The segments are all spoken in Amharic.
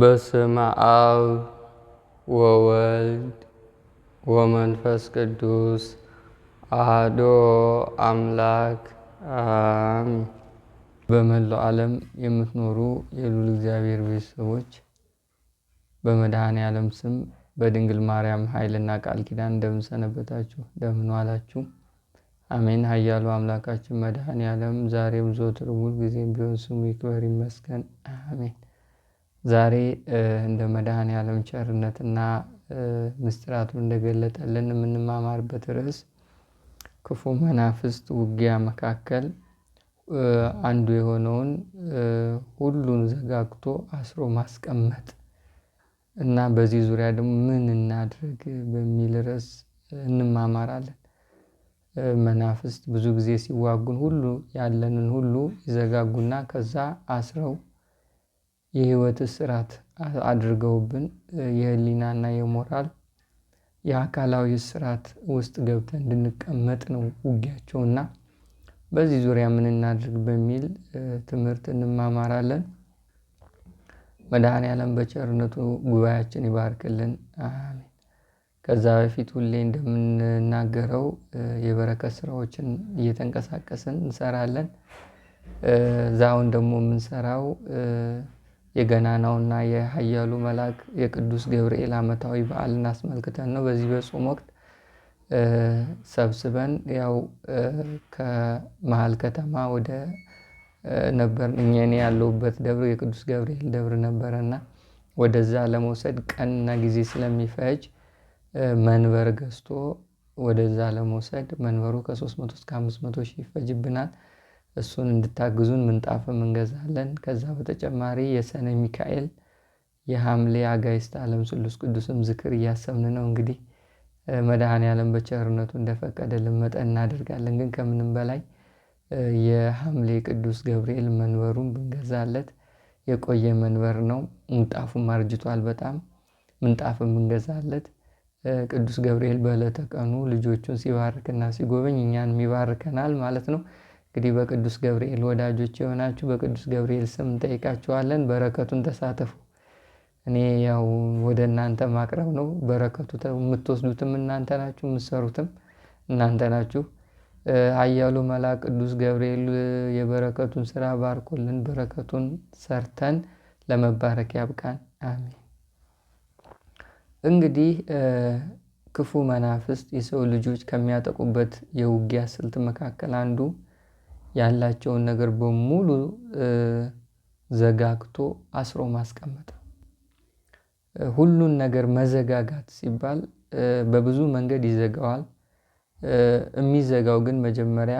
በስመ አብ ወወልድ ወመንፈስ ቅዱስ አሐዱ አምላክ አሜን። በመላው ዓለም የምትኖሩ የሉል እግዚአብሔር ቤተሰቦች በመድኃኔ ዓለም ስም በድንግል ማርያም ኃይልና ቃል ኪዳን እንደምን ሰነበታችሁ? እንደምን ዋላችሁ? አሜን። ኃያሉ አምላካችን መድኃኔ ዓለም ዛሬም ዘወትር ሁልጊዜም ቢሆን ስሙ ይክበር ይመስገን። አሜን። ዛሬ እንደ መድኃኒዓለም ቸርነትና ምስጢራቱ እንደገለጠልን የምንማማርበት ርዕስ ክፉ መናፍስት ውጊያ መካከል አንዱ የሆነውን ሁሉን ዘጋግቶ አስሮ ማስቀመጥ እና በዚህ ዙሪያ ደግሞ ምን እናድርግ በሚል ርዕስ እንማማራለን። መናፍስት ብዙ ጊዜ ሲዋጉን ሁሉ ያለንን ሁሉ ይዘጋጉና ከዛ አስረው የህይወት እስራት አድርገውብን የህሊናና የሞራል የአካላዊ እስራት ውስጥ ገብተን እንድንቀመጥ ነው ውጊያቸው እና በዚህ ዙሪያ ምን እናድርግ በሚል ትምህርት እንማማራለን። መድኃኒዓለም በቸርነቱ ጉባኤያችን ይባርክልን አሜን። ከዛ በፊት ሁሌ እንደምንናገረው የበረከት ስራዎችን እየተንቀሳቀስን እንሰራለን። አሁን ደግሞ የምንሰራው የገናናውና የኃያሉ መልአክ የቅዱስ ገብርኤል ዓመታዊ በዓልን እናስመልክተን ነው። በዚህ በጾም ወቅት ሰብስበን ያው ከመሀል ከተማ ወደ ነበር እኔ ያለሁበት ደብር የቅዱስ ገብርኤል ደብር ነበረና ወደዛ ለመውሰድ ቀንና ጊዜ ስለሚፈጅ መንበር ገዝቶ ወደዛ ለመውሰድ መንበሩ ከ300 እስከ 500 ሺህ ይፈጅብናል። እሱን እንድታግዙን ምንጣፍም እንገዛለን። ከዛ በተጨማሪ የሰኔ ሚካኤል የሐምሌ አጋይስት ዓለም ስሉስ ቅዱስም ዝክር እያሰብን ነው። እንግዲህ መድኃኔዓለም በቸርነቱ እንደፈቀደልን መጠን እናደርጋለን። ግን ከምንም በላይ የሐምሌ ቅዱስ ገብርኤል መንበሩን ብንገዛለት የቆየ መንበር ነው። ምንጣፉም አርጅቷል በጣም ምንጣፍም ብንገዛለት ቅዱስ ገብርኤል በዕለተ ቀኑ ልጆቹን ሲባርክና ሲጎበኝ እኛን ይባርከናል ማለት ነው። እንግዲህ በቅዱስ ገብርኤል ወዳጆች የሆናችሁ በቅዱስ ገብርኤል ስም እንጠይቃችኋለን። በረከቱን ተሳተፉ። እኔ ያው ወደ እናንተ ማቅረብ ነው። በረከቱ የምትወስዱትም እናንተ ናችሁ፣ የምትሰሩትም እናንተ ናችሁ። አያሉ መላ ቅዱስ ገብርኤል የበረከቱን ስራ ባርኮልን በረከቱን ሰርተን ለመባረክ ያብቃን። አሜን። እንግዲህ ክፉ መናፍስት የሰው ልጆች ከሚያጠቁበት የውጊያ ስልት መካከል አንዱ ያላቸውን ነገር በሙሉ ዘጋግቶ አስሮ ማስቀመጥ ሁሉን ነገር መዘጋጋት ሲባል በብዙ መንገድ ይዘጋዋል። የሚዘጋው ግን መጀመሪያ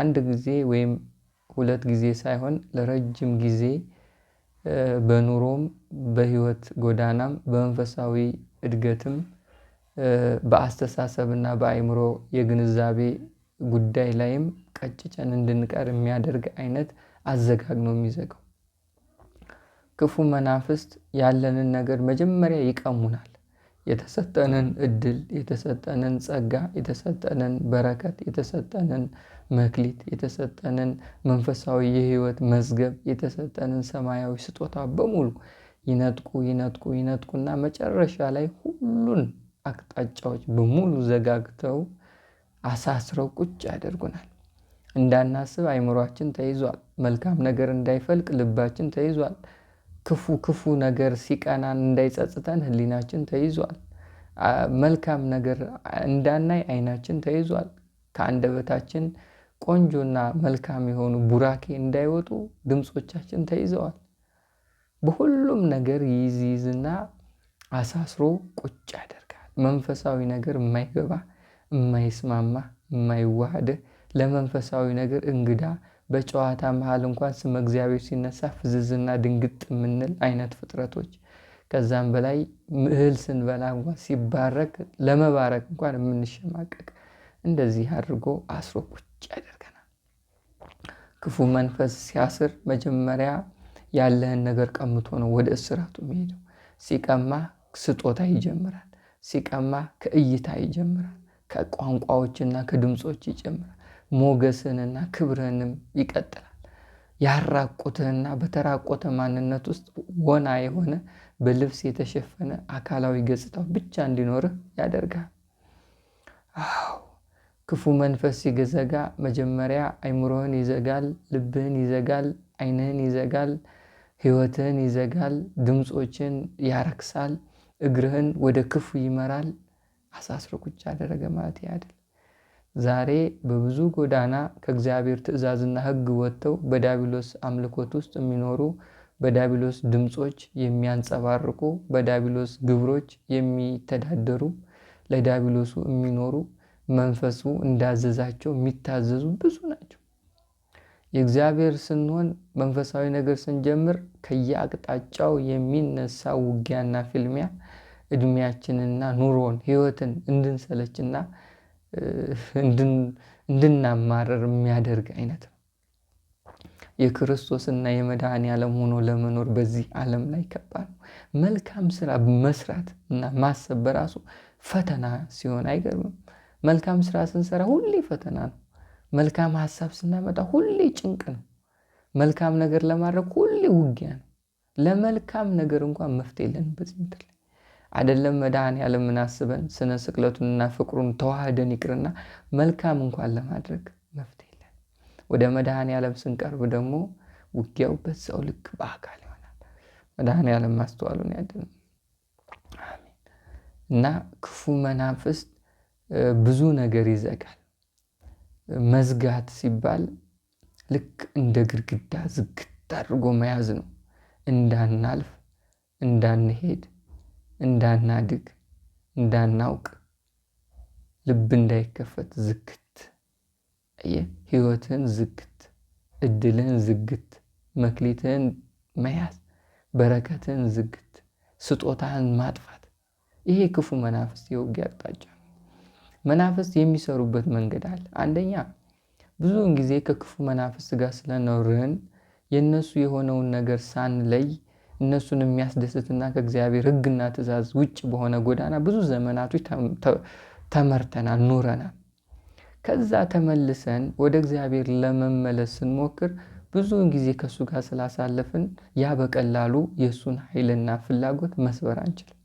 አንድ ጊዜ ወይም ሁለት ጊዜ ሳይሆን ለረጅም ጊዜ በኑሮም በህይወት ጎዳናም በመንፈሳዊ እድገትም በአስተሳሰብና በአእምሮ የግንዛቤ ጉዳይ ላይም ቀጭጨን እንድንቀር የሚያደርግ አይነት አዘጋግ ነው የሚዘጋው። ክፉ መናፍስት ያለንን ነገር መጀመሪያ ይቀሙናል። የተሰጠንን እድል፣ የተሰጠንን ጸጋ፣ የተሰጠንን በረከት፣ የተሰጠንን መክሊት፣ የተሰጠንን መንፈሳዊ የህይወት መዝገብ፣ የተሰጠንን ሰማያዊ ስጦታ በሙሉ ይነጥቁ ይነጥቁ ይነጥቁና መጨረሻ ላይ ሁሉን አቅጣጫዎች በሙሉ ዘጋግተው አሳስረው ቁጭ ያደርጉናል። እንዳናስብ አይምሯችን ተይዟል። መልካም ነገር እንዳይፈልቅ ልባችን ተይዟል። ክፉ ክፉ ነገር ሲቀናን እንዳይጸጽተን ህሊናችን ተይዟል። መልካም ነገር እንዳናይ አይናችን ተይዟል። ከአንደበታችን ቆንጆና መልካም የሆኑ ቡራኬ እንዳይወጡ ድምፆቻችን ተይዘዋል። በሁሉም ነገር ይዝይዝና አሳስሮ ቁጭ ያደርጋል። መንፈሳዊ ነገር የማይገባ የማይስማማ የማይዋህድህ ለመንፈሳዊ ነገር እንግዳ በጨዋታ መሃል እንኳን ስመ እግዚአብሔር ሲነሳ ፍዝዝና ድንግጥ የምንል አይነት ፍጥረቶች ከዛም በላይ እህል ስንበላ እንኳን ሲባረክ ለመባረክ እንኳን የምንሸማቀቅ እንደዚህ አድርጎ አስሮ ቁጭ ያደርገናል። ክፉ መንፈስ ሲያስር መጀመሪያ ያለህን ነገር ቀምቶ ነው ወደ እስራቱ የሚሄደው። ሲቀማ ስጦታ ይጀምራል። ሲቀማ ከእይታ ይጀምራል። ከቋንቋዎችና ከድምፆች ይጀምራል። ሞገስህንና ክብርህንም ይቀጥላል። ያራቁትህና በተራቆተ ማንነት ውስጥ ወና የሆነ በልብስ የተሸፈነ አካላዊ ገጽታው ብቻ እንዲኖርህ ያደርጋል። አዎ ክፉ መንፈስ ሲገዘጋ መጀመሪያ አይምሮህን ይዘጋል፣ ልብህን ይዘጋል፣ አይንህን ይዘጋል፣ ህይወትህን ይዘጋል፣ ድምፆችን ያረክሳል፣ እግርህን ወደ ክፉ ይመራል። አሳስሮ ቁጭ አደረገ ማለት ያደል ዛሬ በብዙ ጎዳና ከእግዚአብሔር ትእዛዝና ሕግ ወጥተው በዳቢሎስ አምልኮት ውስጥ የሚኖሩ በዳቢሎስ ድምፆች የሚያንጸባርቁ በዳቢሎስ ግብሮች የሚተዳደሩ ለዳቢሎሱ የሚኖሩ መንፈሱ እንዳዘዛቸው የሚታዘዙ ብዙ ናቸው። የእግዚአብሔር ስንሆን መንፈሳዊ ነገር ስንጀምር ከየአቅጣጫው የሚነሳ ውጊያና ፍልሚያ እድሜያችንና ኑሮን ህይወትን እንድንሰለችና እንድናማረር የሚያደርግ አይነት ነው። የክርስቶስና የመድኃኔ ዓለም ሆኖ ለመኖር በዚህ ዓለም ላይ ከባድ ነው። መልካም ስራ መስራት እና ማሰብ በራሱ ፈተና ሲሆን አይገርምም። መልካም ስራ ስንሰራ ሁሌ ፈተና ነው። መልካም ሀሳብ ስናመጣ ሁሌ ጭንቅ ነው። መልካም ነገር ለማድረግ ሁሌ ውጊያ ነው። ለመልካም ነገር እንኳን መፍትሄ የለንም በዚህ ምድር ላይ። አይደለም መድኃኔዓለም ምናስበን ስነ ስቅለቱንና ፍቅሩን ተዋህደን ይቅርና መልካም እንኳን ለማድረግ መፍትሄ የለን። ወደ መድኃኔዓለም ስንቀርብ ደግሞ ውጊያው በዛው ልክ በአካል ይሆናል። መድኃኔዓለም ማስተዋሉን ያድን እና ክፉ መናፍስት ብዙ ነገር ይዘጋል። መዝጋት ሲባል ልክ እንደ ግድግዳ ዝግት አድርጎ መያዝ ነው፣ እንዳናልፍ እንዳንሄድ እንዳናድግ እንዳናውቅ ልብ እንዳይከፈት ዝክት አየህ፣ ህይወትህን ዝግት፣ እድልህን ዝግት፣ መክሊትህን መያዝ፣ በረከትህን ዝግት፣ ስጦታህን ማጥፋት። ይሄ ክፉ መናፍስት የውጊያ አቅጣጫ መናፍስት የሚሰሩበት መንገድ አለ። አንደኛ ብዙውን ጊዜ ከክፉ መናፍስት ጋር ስለኖርን የእነሱ የሆነውን ነገር ሳንለይ እነሱን የሚያስደስትና ከእግዚአብሔር ሕግና ትእዛዝ ውጭ በሆነ ጎዳና ብዙ ዘመናቶች ተመርተናል፣ ኑረናል። ከዛ ተመልሰን ወደ እግዚአብሔር ለመመለስ ስንሞክር ብዙውን ጊዜ ከእሱ ጋር ስላሳለፍን ያ በቀላሉ የእሱን ኃይልና ፍላጎት መስበር አንችልም።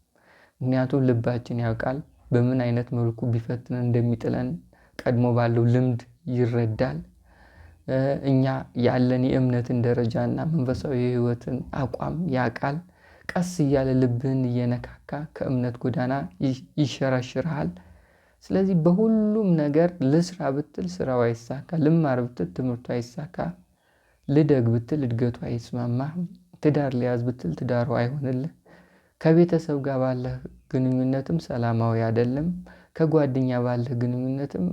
ምክንያቱም ልባችን ያውቃል በምን አይነት መልኩ ቢፈትን እንደሚጥለን ቀድሞ ባለው ልምድ ይረዳል። እኛ ያለን የእምነትን ደረጃና መንፈሳዊ ህይወትን አቋም ያውቃል። ቀስ እያለ ልብህን እየነካካ ከእምነት ጎዳና ይሸራሽርሃል። ስለዚህ በሁሉም ነገር ልስራ ብትል ስራው አይሳካ፣ ልማር ብትል ትምህርቱ አይሳካ፣ ልደግ ብትል እድገቱ አይስማማ፣ ትዳር ሊያዝ ብትል ትዳሩ አይሆንልህ፣ ከቤተሰብ ጋር ባለህ ግንኙነትም ሰላማዊ አይደለም፣ ከጓደኛ ባለህ ግንኙነትም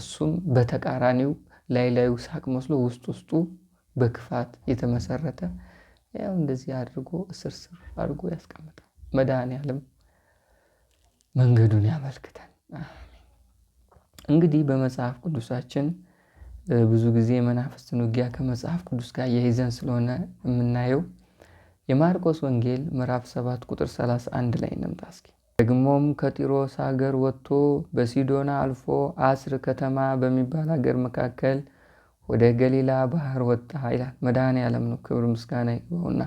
እሱም በተቃራኒው ላይ ላዩ ሳቅ መስሎ ውስጥ ውስጡ በክፋት የተመሰረተ ያው እንደዚህ አድርጎ እስርስር አድርጎ ያስቀምጣል። መድኃኔዓለም መንገዱን ያመልክተን። እንግዲህ በመጽሐፍ ቅዱሳችን ብዙ ጊዜ የመናፍስትን ውጊያ ከመጽሐፍ ቅዱስ ጋር የይዘን ስለሆነ የምናየው የማርቆስ ወንጌል ምዕራፍ 7 ቁጥር 31 ላይ እንምጣ እስኪ። ደግሞም ከጢሮስ አገር ወጥቶ በሲዶና አልፎ አስር ከተማ በሚባል አገር መካከል ወደ ገሊላ ባህር ወጣ ይላል። መድኃኔ ዓለም ነው ክብር ምስጋና ይግባውና።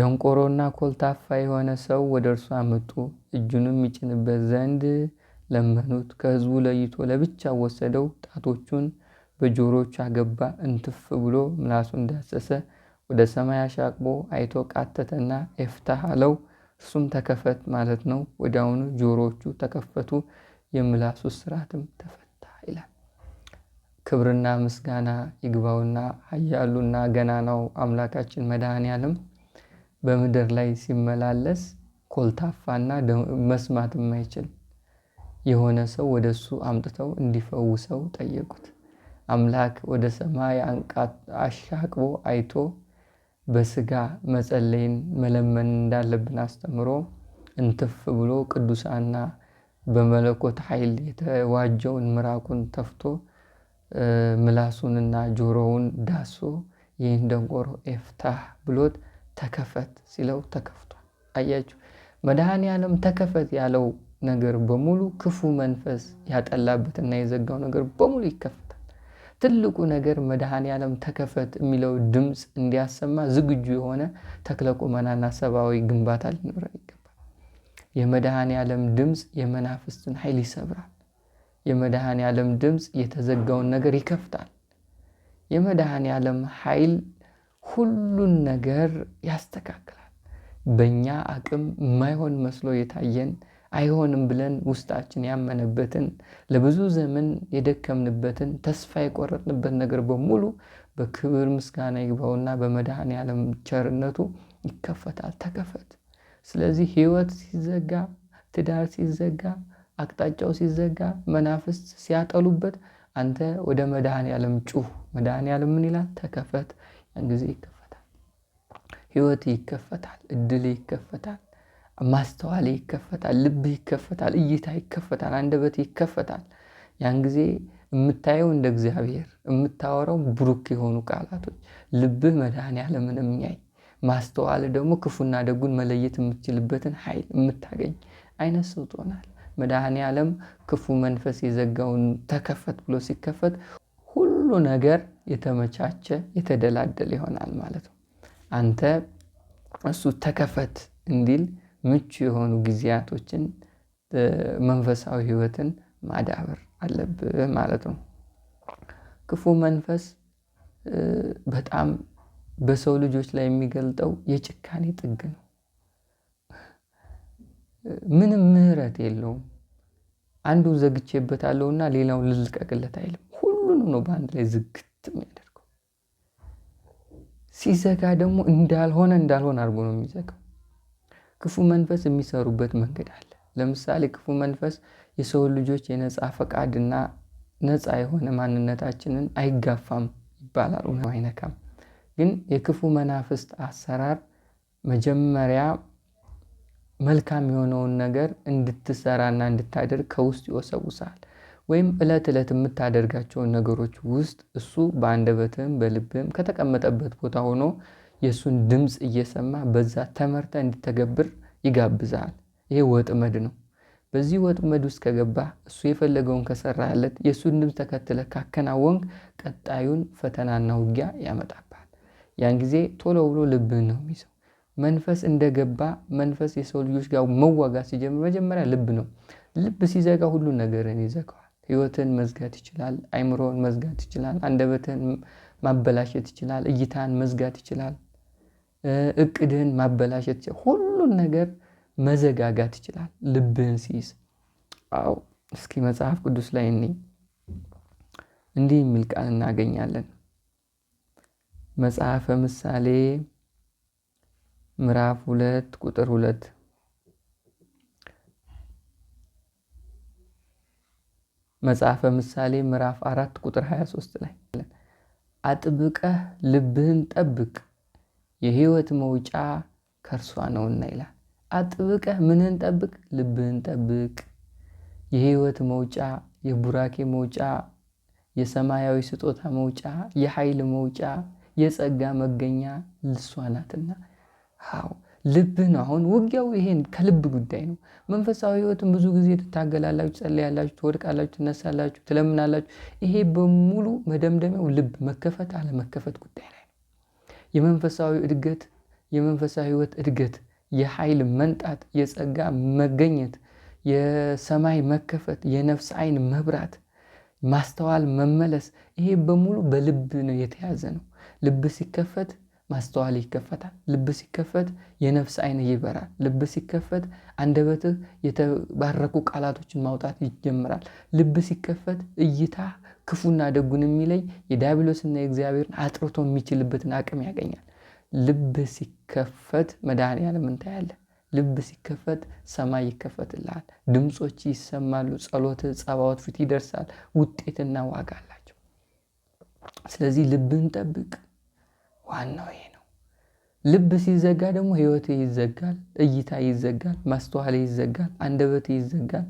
ደንቆሮና ኮልታፋ የሆነ ሰው ወደ እርሱ አመጡ፣ እጁንም ይጭንበት ዘንድ ለመኑት። ከህዝቡ ለይቶ ለብቻ ወሰደው፣ ጣቶቹን በጆሮቹ አገባ፣ እንትፍ ብሎ ምላሱ እንዳሰሰ ወደ ሰማይ አሻቅቦ አይቶ ቃተተና ኤፍታህ አለው። እሱም ተከፈት ማለት ነው። ወዲያውኑ ጆሮዎቹ ተከፈቱ፣ የምላሱ ስርዓትም ተፈታ ይላል። ክብርና ምስጋና ይግባውና ኃያሉና ገናናው አምላካችን መድኃኔ በምድር ላይ ሲመላለስ ኮልታፋና መስማት የማይችል የሆነ ሰው ወደ እሱ አምጥተው እንዲፈውሰው ጠየቁት። አምላክ ወደ ሰማይ አንቃት አሻቅቦ አይቶ በስጋ መጸለይን መለመን እንዳለብን አስተምሮ እንትፍ ብሎ ቅዱሳና በመለኮት ኃይል የተዋጀውን ምራቁን ተፍቶ ምላሱንና ጆሮውን ዳሶ ይህን ደንቆሮ ኤፍታህ ብሎት ተከፈት ሲለው ተከፍቷል። አያችሁ፣ መድኃኔ ዓለም ተከፈት ያለው ነገር በሙሉ ክፉ መንፈስ ያጠላበትና የዘጋው ነገር በሙሉ ይከፈታል። ትልቁ ነገር መድኃኔ ዓለም ተከፈት የሚለው ድምፅ እንዲያሰማ ዝግጁ የሆነ ተክለቁመናና ሰብዊ ሰብአዊ ግንባታ ሊኖረን ይገባል። የመድኃኔ ዓለም ድምፅ የመናፍስትን ኃይል ይሰብራል። የመድኃኔ ዓለም ድምፅ የተዘጋውን ነገር ይከፍታል። የመድኃኔ ዓለም ኃይል ሁሉን ነገር ያስተካክላል። በእኛ አቅም የማይሆን መስሎ የታየን አይሆንም ብለን ውስጣችን ያመነበትን ለብዙ ዘመን የደከምንበትን ተስፋ የቆረጥንበት ነገር በሙሉ በክብር ምስጋና ይግባውና በመድኃኔ ዓለም ቸርነቱ ይከፈታል። ተከፈት። ስለዚህ ህይወት ሲዘጋ፣ ትዳር ሲዘጋ፣ አቅጣጫው ሲዘጋ፣ መናፍስት ሲያጠሉበት አንተ ወደ መድኃኔ ዓለም ጩህ። መድኃኔ ምን ይላል? ተከፈት። ያን ጊዜ ይከፈታል። ህይወት ይከፈታል። እድል ይከፈታል። ማስተዋል ይከፈታል፣ ልብህ ይከፈታል፣ እይታ ይከፈታል፣ አንደበት ይከፈታል። ያን ጊዜ የምታየው እንደ እግዚአብሔር የምታወራው ብሩክ የሆኑ ቃላቶች ልብህ መድኃኔዓለምን የሚያይ ማስተዋል ደግሞ ክፉና ደጉን መለየት የምትችልበትን ኃይል የምታገኝ አይነት ሰው ትሆናል። መድኃኔዓለም ክፉ መንፈስ የዘጋውን ተከፈት ብሎ ሲከፈት ሁሉ ነገር የተመቻቸ የተደላደለ ይሆናል ማለት ነው። አንተ እሱ ተከፈት እንዲል ምቹ የሆኑ ጊዜያቶችን መንፈሳዊ ህይወትን ማዳበር አለብህ ማለት ነው። ክፉ መንፈስ በጣም በሰው ልጆች ላይ የሚገልጠው የጭካኔ ጥግ ነው። ምንም ምህረት የለውም። አንዱን እና ሌላውን ልልቀቅለት አይልም። ሁሉንም ነው በአንድ ላይ ዝግት የሚያደርገው። ሲዘጋ ደግሞ እንዳልሆነ እንዳልሆነ አድርጎ ነው የሚዘጋው። ክፉ መንፈስ የሚሰሩበት መንገድ አለ። ለምሳሌ ክፉ መንፈስ የሰው ልጆች የነፃ ፈቃድና ነፃ የሆነ ማንነታችንን አይጋፋም ይባላል፣ አይነካም። ግን የክፉ መናፍስት አሰራር መጀመሪያ መልካም የሆነውን ነገር እንድትሰራና እንድታደርግ ከውስጥ ይወሰውሳል። ወይም ዕለት ዕለት የምታደርጋቸውን ነገሮች ውስጥ እሱ በአንደበትም በልብም ከተቀመጠበት ቦታ ሆኖ የእሱን ድምፅ እየሰማ በዛ ተመርተ እንዲተገብር ይጋብዛል። ይሄ ወጥመድ ነው። በዚህ ወጥመድ ውስጥ ከገባ እሱ የፈለገውን ከሰራለት የእሱን ድምፅ ተከትለ ካከናወንክ ቀጣዩን ፈተናና ውጊያ ያመጣባል። ያን ጊዜ ቶሎ ብሎ ልብህን ነው የሚይዘው። መንፈስ እንደገባ መንፈስ የሰው ልጆች ጋር መዋጋት ሲጀምር መጀመሪያ ልብ ነው። ልብ ሲዘጋ ሁሉን ነገርን ይዘጋዋል። ህይወትን መዝጋት ይችላል። አይምሮን መዝጋት ይችላል። አንደበትን ማበላሸት ይችላል። እይታን መዝጋት ይችላል። እቅድህን ማበላሸት ይችላል። ሁሉን ነገር መዘጋጋት ይችላል ልብህን ሲይዝ። አዎ እስኪ መጽሐፍ ቅዱስ ላይ እኔ እንዲህ የሚል ቃል እናገኛለን። መጽሐፈ ምሳሌ ምዕራፍ ሁለት ቁጥር ሁለት መጽሐፈ ምሳሌ ምዕራፍ አራት ቁጥር 23 ላይ አጥብቀህ ልብህን ጠብቅ የህይወት መውጫ ከእርሷ ነውና ይላል። አጥብቀህ ምንን ጠብቅ? ልብህን ጠብቅ። የህይወት መውጫ፣ የቡራኬ መውጫ፣ የሰማያዊ ስጦታ መውጫ፣ የኃይል መውጫ፣ የጸጋ መገኛ ልሷ ናትና። አዎ ነው። አሁን ውጊያው ይሄን ከልብ ጉዳይ ነው። መንፈሳዊ ህይወትን ብዙ ጊዜ ትታገላላችሁ፣ ትጸለያላችሁ፣ ትወድቃላችሁ፣ ትነሳላችሁ፣ ትለምናላችሁ። ይሄ በሙሉ መደምደሚያው ልብ መከፈት አለመከፈት ጉዳይ ነው። የመንፈሳዊ እድገት የመንፈሳዊ ህይወት እድገት የኃይል መንጣት የጸጋ መገኘት የሰማይ መከፈት የነፍስ አይን መብራት ማስተዋል መመለስ ይሄ በሙሉ በልብ ነው የተያዘ ነው። ልብ ሲከፈት ማስተዋል ይከፈታል። ልብ ሲከፈት የነፍስ አይን ይበራል። ልብ ሲከፈት አንደበትህ የተባረኩ ቃላቶችን ማውጣት ይጀምራል። ልብ ሲከፈት እይታህ ክፉና ደጉን የሚለይ የዲያብሎስና የእግዚአብሔርን አጥርቶ የሚችልበትን አቅም ያገኛል። ልብ ሲከፈት መድኃኔዓለም እንታያለን። ልብ ሲከፈት ሰማይ ይከፈትልሃል። ድምፆች ይሰማሉ። ጸሎት፣ ጸባዖት ፊት ይደርሳል። ውጤትና ዋጋ አላቸው። ስለዚህ ልብን ጠብቅ። ዋናው ይሄ ነው። ልብ ሲዘጋ ደግሞ ህይወት ይዘጋል፣ እይታ ይዘጋል፣ ማስተዋል ይዘጋል፣ አንደበት ይዘጋል።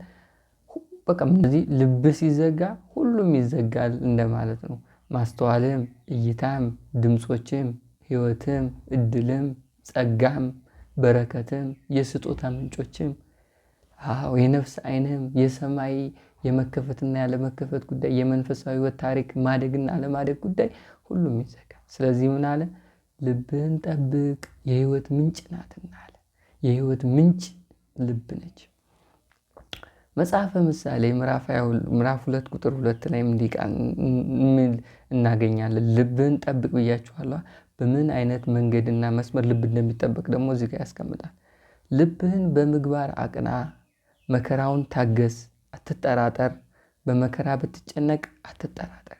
በቃ እነዚህ ልብ ሲዘጋ ሁሉም ይዘጋል እንደማለት ነው። ማስተዋልም፣ እይታም፣ ድምፆችም፣ ህይወትም፣ እድልም፣ ጸጋም፣ በረከትም፣ የስጦታ ምንጮችም፣ አዎ የነፍስ አይንህም፣ የሰማይ የመከፈትና ያለመከፈት ጉዳይ፣ የመንፈሳዊ ህይወት ታሪክ፣ ማደግና አለማደግ ጉዳይ ሁሉም ይዘጋ። ስለዚህ ምን አለ? ልብህን ጠብቅ፣ የህይወት ምንጭ ናትና አለ። የህይወት ምንጭ ልብ ነች። መጽሐፈ ምሳሌ ምዕራፍ ሁለት ቁጥር ሁለት ላይ እንዲቃ ምል እናገኛለን። ልብህን ጠብቅ ብያችኋለሁ። በምን አይነት መንገድና መስመር ልብ እንደሚጠበቅ ደግሞ እዚህ ጋር ያስቀምጣል። ልብህን በምግባር አቅና፣ መከራውን ታገስ፣ አትጠራጠር፣ በመከራ ብትጨነቅ አትጠራጠር።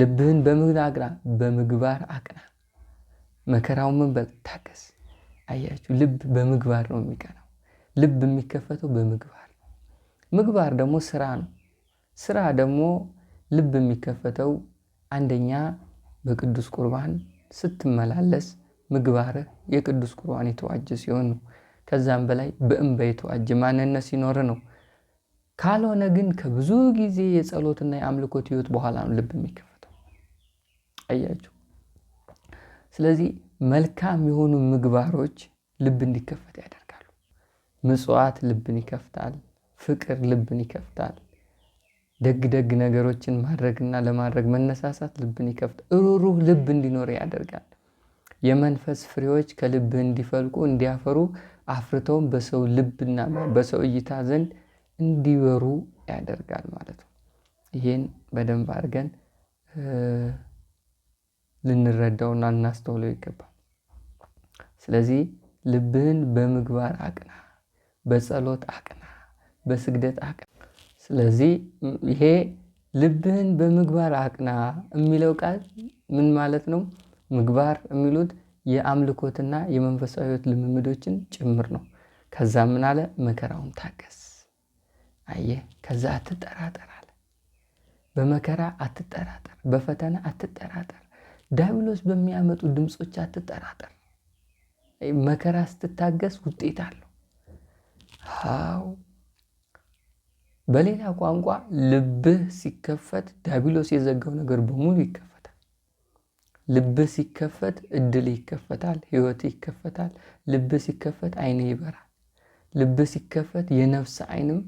ልብህን በምግባር አቅና፣ በምግባር አቅና፣ መከራውን ምን በል ታገስ። አያችሁ፣ ልብ በምግባር ነው የሚቀናው። ልብ የሚከፈተው በምግባር ምግባር ደግሞ ስራ ነው። ስራ ደግሞ ልብ የሚከፈተው አንደኛ በቅዱስ ቁርባን ስትመላለስ ምግባር የቅዱስ ቁርባን የተዋጀ ሲሆን ነው። ከዛም በላይ በእንባ የተዋጀ ማንነት ሲኖር ነው። ካልሆነ ግን ከብዙ ጊዜ የጸሎትና የአምልኮት ህይወት በኋላ ነው ልብ የሚከፈተው። አያችሁ። ስለዚህ መልካም የሆኑ ምግባሮች ልብ እንዲከፈት ያደርጋሉ። ምጽዋት ልብን ይከፍታል። ፍቅር ልብን ይከፍታል። ደግ ደግ ነገሮችን ማድረግና ለማድረግ መነሳሳት ልብን ይከፍታል። ሩህሩህ ልብ እንዲኖር ያደርጋል። የመንፈስ ፍሬዎች ከልብ እንዲፈልቁ እንዲያፈሩ አፍርተውም በሰው ልብና በሰው እይታ ዘንድ እንዲበሩ ያደርጋል ማለት ነው። ይሄን በደንብ አድርገን ልንረዳውና ልናስተውለው ይገባል። ስለዚህ ልብህን በምግባር አቅና፣ በጸሎት አቅና። በስግደት አቅና። ስለዚህ ይሄ ልብህን በምግባር አቅና የሚለው ቃል ምን ማለት ነው? ምግባር የሚሉት የአምልኮትና የመንፈሳዊ ህይወት ልምምዶችን ጭምር ነው። ከዛ ምን አለ? መከራውን ታገስ። አየህ፣ ከዛ አትጠራጠር አለ። በመከራ አትጠራጠር፣ በፈተና አትጠራጠር፣ ዲያብሎስ በሚያመጡ ድምፆች አትጠራጠር። መከራ ስትታገስ ውጤት አለው። አዎ በሌላ ቋንቋ ልብህ ሲከፈት ዳቢሎስ የዘጋው ነገር በሙሉ ይከፈታል። ልብህ ሲከፈት እድል ይከፈታል፣ ህይወት ይከፈታል። ልብህ ሲከፈት አይን ይበራል። ልብህ ሲከፈት የነፍስ አይንም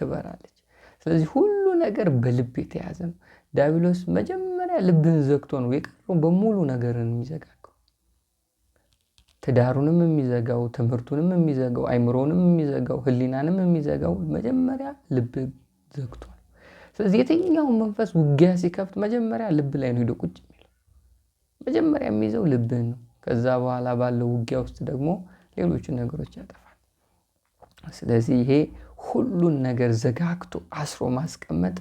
ትበራለች። ስለዚህ ሁሉ ነገር በልብ የተያዘ ነው። ዳቢሎስ መጀመሪያ ልብህን ዘግቶ ነው የቀረው በሙሉ ነገርን ይዘጋል። ትዳሩንም የሚዘጋው ትምህርቱንም የሚዘጋው አይምሮንም የሚዘጋው ህሊናንም የሚዘጋው መጀመሪያ ልብ ዘግቷል። ስለዚህ የትኛውን መንፈስ ውጊያ ሲከፍት መጀመሪያ ልብ ላይ ነው ሄዶ ቁጭ የሚለው። መጀመሪያ የሚይዘው ልብህን ነው። ከዛ በኋላ ባለው ውጊያ ውስጥ ደግሞ ሌሎቹን ነገሮች ያጠፋል። ስለዚህ ይሄ ሁሉን ነገር ዘጋግቶ አስሮ ማስቀመጥ፣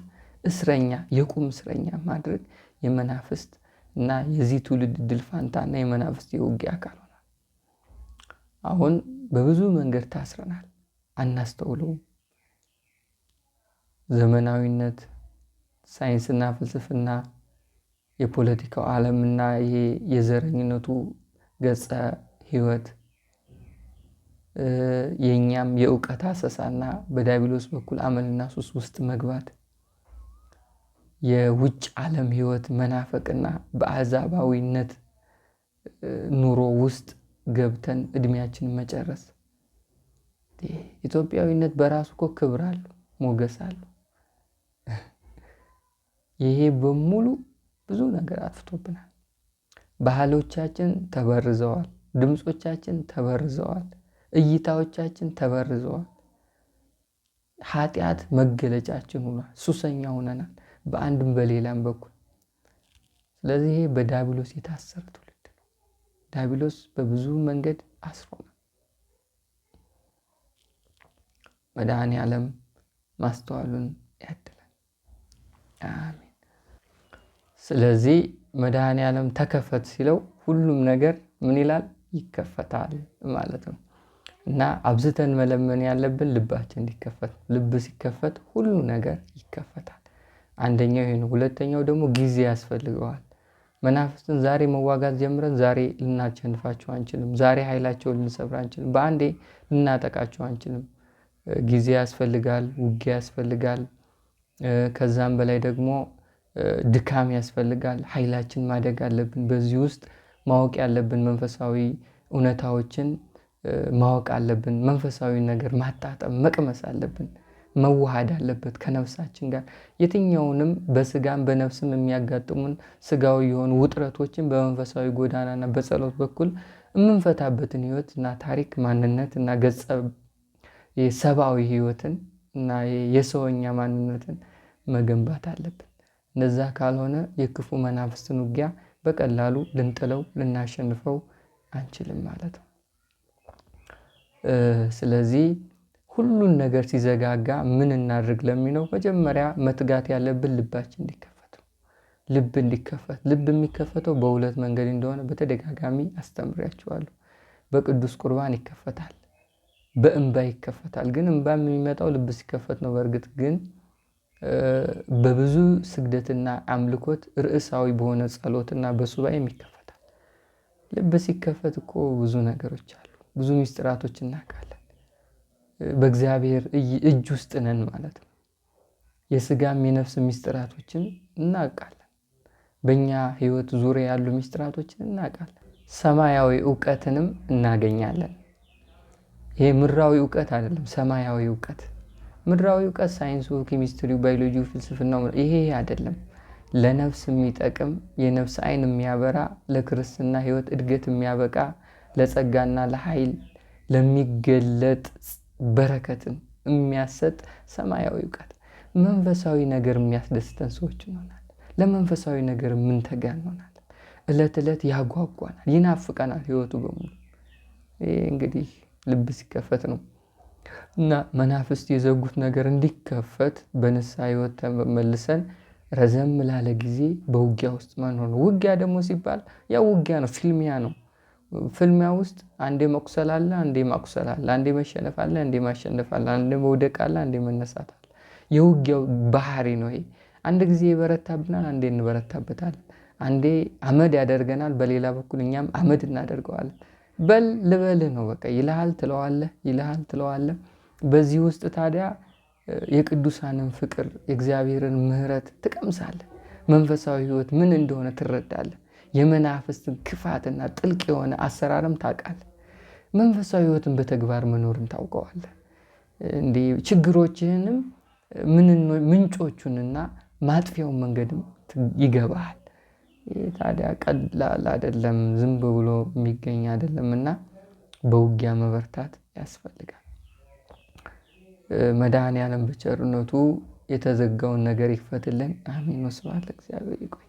እስረኛ የቁም እስረኛ ማድረግ የመናፍስት እና የዚህ ትውልድ ድል ፋንታ እና የመናፍስት የውጊያ አካል አሁን በብዙ መንገድ ታስረናል፣ አናስተውለውም። ዘመናዊነት፣ ሳይንስና ፍልስፍና፣ የፖለቲካው ዓለምና ይሄ የዘረኝነቱ ገጸ ህይወት የእኛም የእውቀት አሰሳና በዳቢሎስ በኩል አመልና ሱስ ውስጥ መግባት የውጭ ዓለም ህይወት መናፈቅና በአዛባዊነት ኑሮ ውስጥ ገብተን እድሜያችንን መጨረስ። ኢትዮጵያዊነት በራሱ እኮ ክብር አለ፣ ሞገስ አለ። ይሄ በሙሉ ብዙ ነገር አጥፍቶብናል። ባህሎቻችን ተበርዘዋል። ድምፆቻችን ተበርዘዋል። እይታዎቻችን ተበርዘዋል። ኃጢአት መገለጫችን ሆኗል። ሱሰኛ ሆነናል፣ በአንድም በሌላም በኩል። ስለዚህ ይሄ በዲያብሎስ የታሰረ ዳቢሎስ በብዙ መንገድ አስሮናል። መድኃኔ ዓለም ማስተዋሉን ያድለን፣ አሜን። ስለዚህ መድኃኔ ዓለም ተከፈት ሲለው ሁሉም ነገር ምን ይላል? ይከፈታል ማለት ነው። እና አብዝተን መለመን ያለብን ልባችን እንዲከፈት። ልብ ሲከፈት ሁሉ ነገር ይከፈታል። አንደኛው ይሄ ነው። ሁለተኛው ደግሞ ጊዜ ያስፈልገዋል። መናፍስትን ዛሬ መዋጋት ጀምረን ዛሬ ልናሸንፋቸው አንችልም። ዛሬ ኃይላቸውን ልንሰብር አንችልም። በአንዴ ልናጠቃቸው አንችልም። ጊዜ ያስፈልጋል፣ ውጊያ ያስፈልጋል። ከዛም በላይ ደግሞ ድካም ያስፈልጋል። ኃይላችን ማደግ አለብን። በዚህ ውስጥ ማወቅ ያለብን መንፈሳዊ እውነታዎችን ማወቅ አለብን። መንፈሳዊ ነገር ማጣጠም መቅመስ አለብን። መዋሃድ አለበት ከነፍሳችን ጋር። የትኛውንም በስጋም በነፍስም የሚያጋጥሙን ስጋዊ የሆኑ ውጥረቶችን በመንፈሳዊ ጎዳናና በጸሎት በኩል የምንፈታበትን ህይወት እና ታሪክ ማንነት እና ገጸ የሰብአዊ ህይወትን እና የሰውኛ ማንነትን መገንባት አለብን። እንደዛ ካልሆነ የክፉ መናፍስትን ውጊያ በቀላሉ ልንጥለው ልናሸንፈው አንችልም ማለት ነው። ስለዚህ ሁሉን ነገር ሲዘጋጋ ምን እናድርግ ለሚለው መጀመሪያ መትጋት ያለብን ልባችን እንዲከፈት ልብ እንዲከፈት ልብ የሚከፈተው በሁለት መንገድ እንደሆነ በተደጋጋሚ አስተምሪያቸዋለሁ። በቅዱስ ቁርባን ይከፈታል፣ በእንባ ይከፈታል። ግን እንባ የሚመጣው ልብ ሲከፈት ነው። በእርግጥ ግን በብዙ ስግደትና አምልኮት ርዕሳዊ በሆነ ጸሎትና በሱባኤም ይከፈታል። ልብ ሲከፈት እኮ ብዙ ነገሮች አሉ፣ ብዙ ሚስጥራቶች እናውቃለን። በእግዚአብሔር እጅ ውስጥ ነን ማለት ነው። የስጋም የነፍስ ሚስጥራቶችን እናውቃለን። በእኛ ህይወት ዙሪያ ያሉ ሚስጥራቶችን እናውቃለን። ሰማያዊ እውቀትንም እናገኛለን። ይሄ ምድራዊ እውቀት አይደለም፣ ሰማያዊ እውቀት። ምድራዊ እውቀት ሳይንሱ፣ ኬሚስትሪው፣ ባዮሎጂው፣ ፍልስፍናው ይሄ አይደለም። ለነፍስ የሚጠቅም የነፍስ አይን የሚያበራ ለክርስትና ህይወት እድገት የሚያበቃ ለጸጋና ለኃይል ለሚገለጥ በረከትን የሚያሰጥ ሰማያዊ እውቀት፣ መንፈሳዊ ነገር የሚያስደስተን ሰዎች እንሆናል። ለመንፈሳዊ ነገር የምንተጋ እንሆናል። እለት እለት ያጓጓናል፣ ይናፍቀናል ህይወቱ በሙሉ። ይህ እንግዲህ ልብ ሲከፈት ነው እና መናፍስት የዘጉት ነገር እንዲከፈት በንስሐ ህይወት ተመልሰን ረዘም ላለ ጊዜ በውጊያ ውስጥ መኖር ነው። ውጊያ ደግሞ ሲባል ያው ውጊያ ነው፣ ፊልሚያ ነው። ፍልሚያ ውስጥ አንዴ መቁሰል አለ፣ አንዴ ማቁሰል አለ፣ አንዴ መሸነፍ አለ፣ አንዴ ማሸነፍ አለ፣ አንዴ መውደቅ አለ፣ አንዴ መነሳት አለ። የውጊያው ባህሪ ነው ይሄ። አንድ ጊዜ ይበረታብናል፣ አንዴ እንበረታበታል፣ አንዴ አመድ ያደርገናል፣ በሌላ በኩል እኛም አመድ እናደርገዋለን። በል ልበልህ ነው በቃ ይልሃል፣ ትለዋለህ፣ ይልሃል፣ ትለዋለህ። በዚህ ውስጥ ታዲያ የቅዱሳንን ፍቅር የእግዚአብሔርን ምሕረት ትቀምሳለህ። መንፈሳዊ ህይወት ምን እንደሆነ ትረዳለህ። የመናፍስትን ክፋትና ጥልቅ የሆነ አሰራርም ታውቃለህ። መንፈሳዊ ህይወትን በተግባር መኖርን ታውቀዋለህ። እንዲ ችግሮችህንም ምንጮቹንና ማጥፊያውን መንገድም ይገባሃል። ታዲያ ቀላል አይደለም፣ ዝም ብሎ የሚገኝ አይደለም እና በውጊያ መበርታት ያስፈልጋል። መድኃኔ ዓለም በቸርነቱ የተዘጋውን ነገር ይክፈትልን። አሜን። ወስብሐት ለእግዚአብሔር። ይቆይ።